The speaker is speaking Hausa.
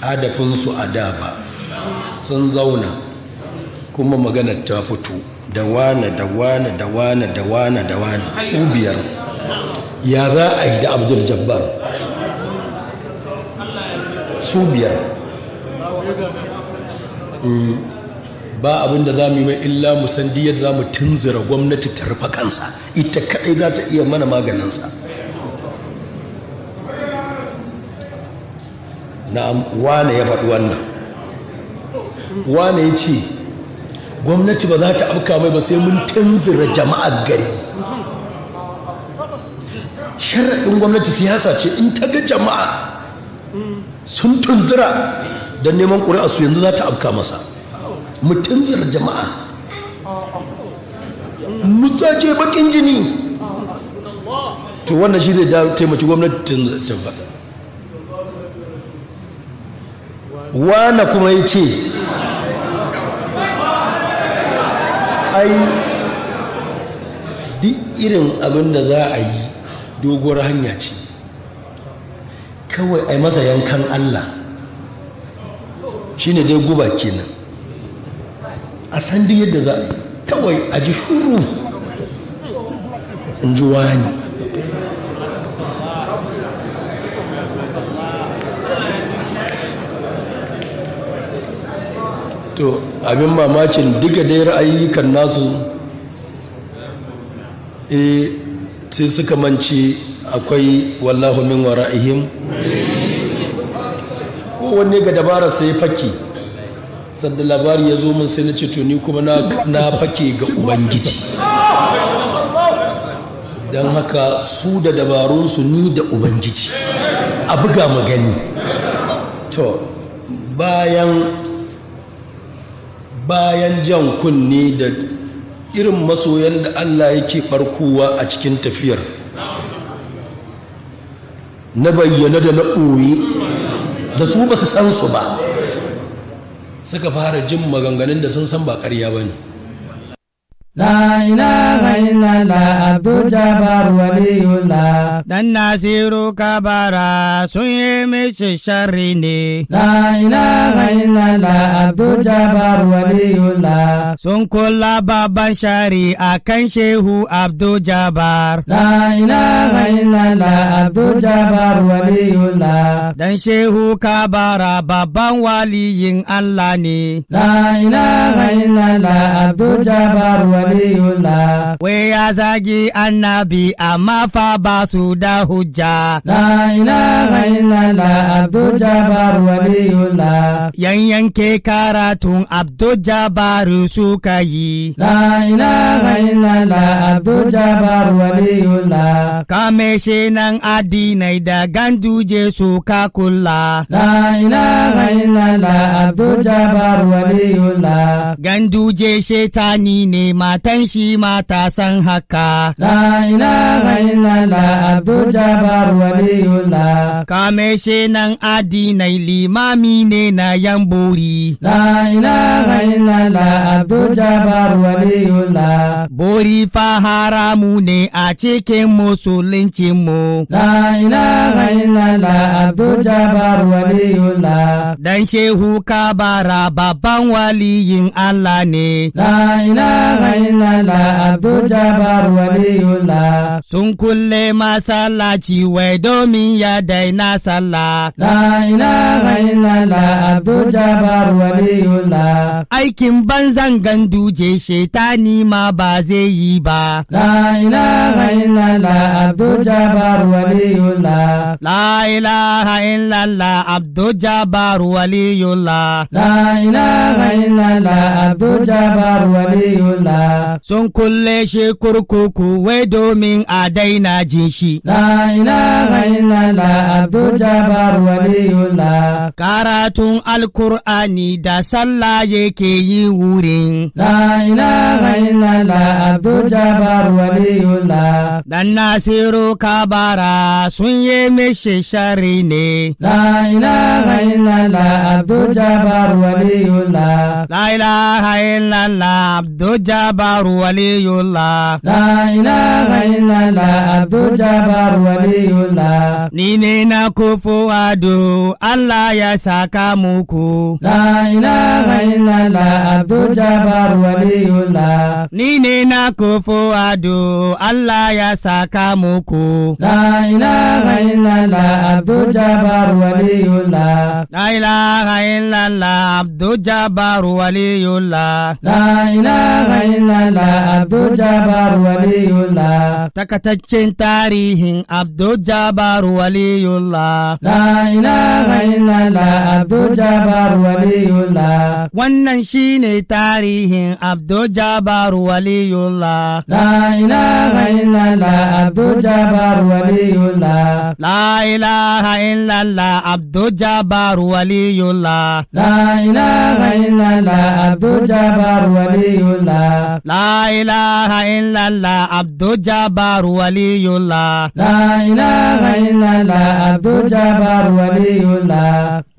hadafinsu a da ba sun zauna kuma maganar ta fito da wane da wane da wane da wane da wane su biyar ya za a yi da abdul jabbar su biyar mm. ba abinda da za mu yi illa mu san diyar za mu tunzura gwamnati ta rufe kansa ita kaɗai za ta iya mana maganinsa na'am wane ya faɗi wannan wane ya ce gwamnati ba za ta afka mai ba sai mun tanzira jama'ar gari sharaɗin gwamnati siyasa ce in ta ga jama'a sun tunzura don neman ƙuri'a su yanzu za ta afka masa mu tanzira jama'a mu sace bakin jini to wannan shi zai taimaki gwamnati ta faɗa wane kuma ya ce ai duk irin abin da za a yi doguwar hanya ce kawai ai masa yankan allah shine dai guba kenan a san duk yadda za a yi kawai a ji shuru in ji wani to abin mamakin duka dai ra'ayyukan nasu e sai suka manci akwai wallahu min wa Ko wanne ga dabara sai faki sadda labari ya zo min sai na ce ni kuma na fake ga ubangiji don haka su da dabarunsu ni da ubangiji a buga magani. to bayan bayan jan kunne da irin masoyan da Allah yake barkowa a cikin tafiyar na bayyana da na ɓoye da su ba su san su ba suka fara jin maganganun da sun san ba ƙarya ba ne La ilaha illallah Abdul Jabbar waliyullah Dan Nasiru Kabara sun yi mishi sharri ne. La ilaha illallah Abdul Jabbar waliyullah Sun kula baban shari a kan Shehu Abdul Jabbar. La ilaha illallah Abdul Jabbar waliyullah Dan Shehu Kabara babban waliyin Allah ne. La ilaha Abdul Jabbar waliyullah. Wai ya zagi annabi amma fa ba su da hujja. La ilaha illallah Abdul Jabbar waliyullah. Yan yanke karatun Abdul Jabbar suka yi. La ilaha illallah Abdul Jabbar waliyullah. Kame shi nan adina da ganduje ka kula. La ilaha illallah Abdul Jabbar waliyullah. Ganduje shi ta ni ne matan shi mata san haka. La ilaha illallah Abdul Jabbar waliyullah. Kame shi nan na limami ne na yamburi. La ilaha illallah Abdul Jabbar waliyullah. Bori fa haramu ne a cikin musulunci mu. La ilaha illallah Abdul Jabbar waliyullah. Dan shehu ka bara babban waliyin Allah ne. La ilaha illallah Abdul Jabbar waliyullah sun kulle masallaci wai domin ya daina sallah la ilaha illallah Abdul Jabbar waliyullah aikin banzan ganduje shaitani ma ba zai yi ba la ilaha illallah Abdul Jabbar waliyullah la ilaha illallah Abdul Jabbar waliyullah la ilaha illallah Abdul Jabbar waliyullah sun kulle shi kurkuku wai domin a daina jin shi la ilaha illallah abdul jabbar waliyullah karatun alkur'ani da sallah yake yi wurin la ilaha illallah abdul jabbar waliyullah dan nasiru kabara sun yi mishi shari ne la ilaha illallah abdul jabbar waliyullah la ilaha illallah illallah Abdul Jabbar waliyullah La ilaha illallah Abdul Jabbar waliyullah Ni ne na kofo ado Allah ya saka muku La ilaha illallah Abdul Jabbar waliyullah Ni ne na kofo ado Allah ya saka muku La ilaha illallah Abdul Jabbar waliyullah La ilaha illallah Abdul Jabbar waliyullah La إله إلا الله Abdul Jabbar Waliyullah Takataccen tarihin Abdul Jabbar Waliyullah La ilaha illallah Abdul Jabbar Waliyullah Wannan shine tarihin Abdul Jabbar Waliyullah La ilaha illallah Abdul Jabbar Waliyullah La ilaha illallah Abdul Jabbar Waliyullah La ilaha illallah Abdul Jabbar Waliyullah waliyullah. La ilaha illallah Abdul Jabbar waliyullah. La ilaha illallah Abdul Jabbar waliyullah.